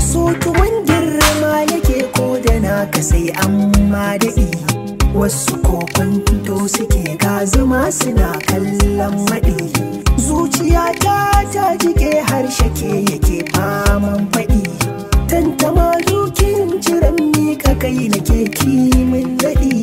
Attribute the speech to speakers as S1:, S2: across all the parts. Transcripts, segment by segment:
S1: da soki wangin rama yake ko da naka sai amma daɗi wasu kokon to suke ga zama suna kallon maɗi zuciya ta ta jike harshe ke yake faman faɗi tantama dukin jiran ka kai nake kimin daɗi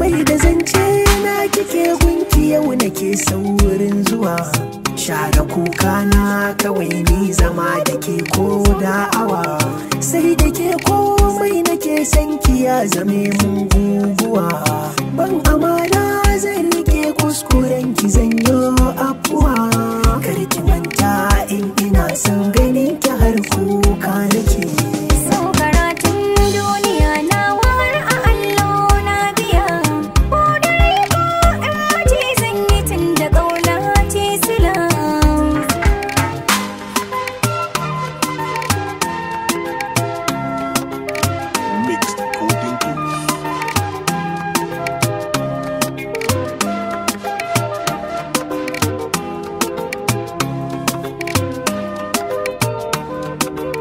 S1: mai da zance na kike gunki yau nake saurin zuwa share kuka na kawai ni zama da ke ko da awa sai da ke komai nake san ki ya zame mun guguwa ban amana zan rike kuskuren ki zan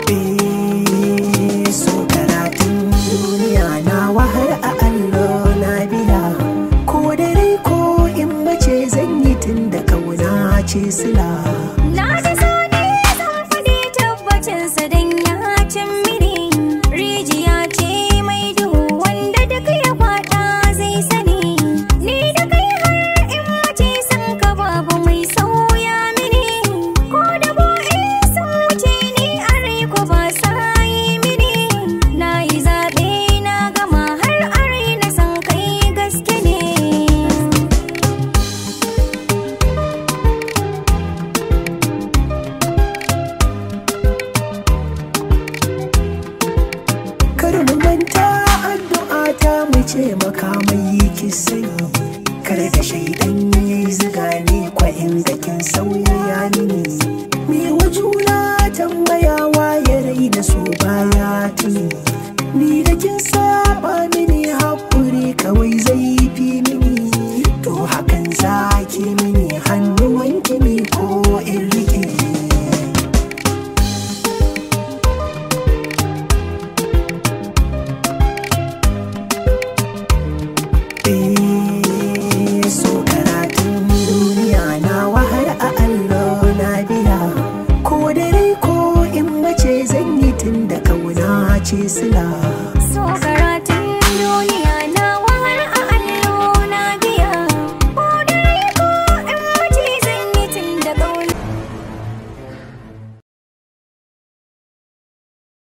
S1: Be. taimaka mai ki sani kar da shaidan yayi zuga ni kwa inda kin sauya me wajuna tambaya waye rai da so baya tuni ko in mace zan yi tun da kauna ce sila.
S2: So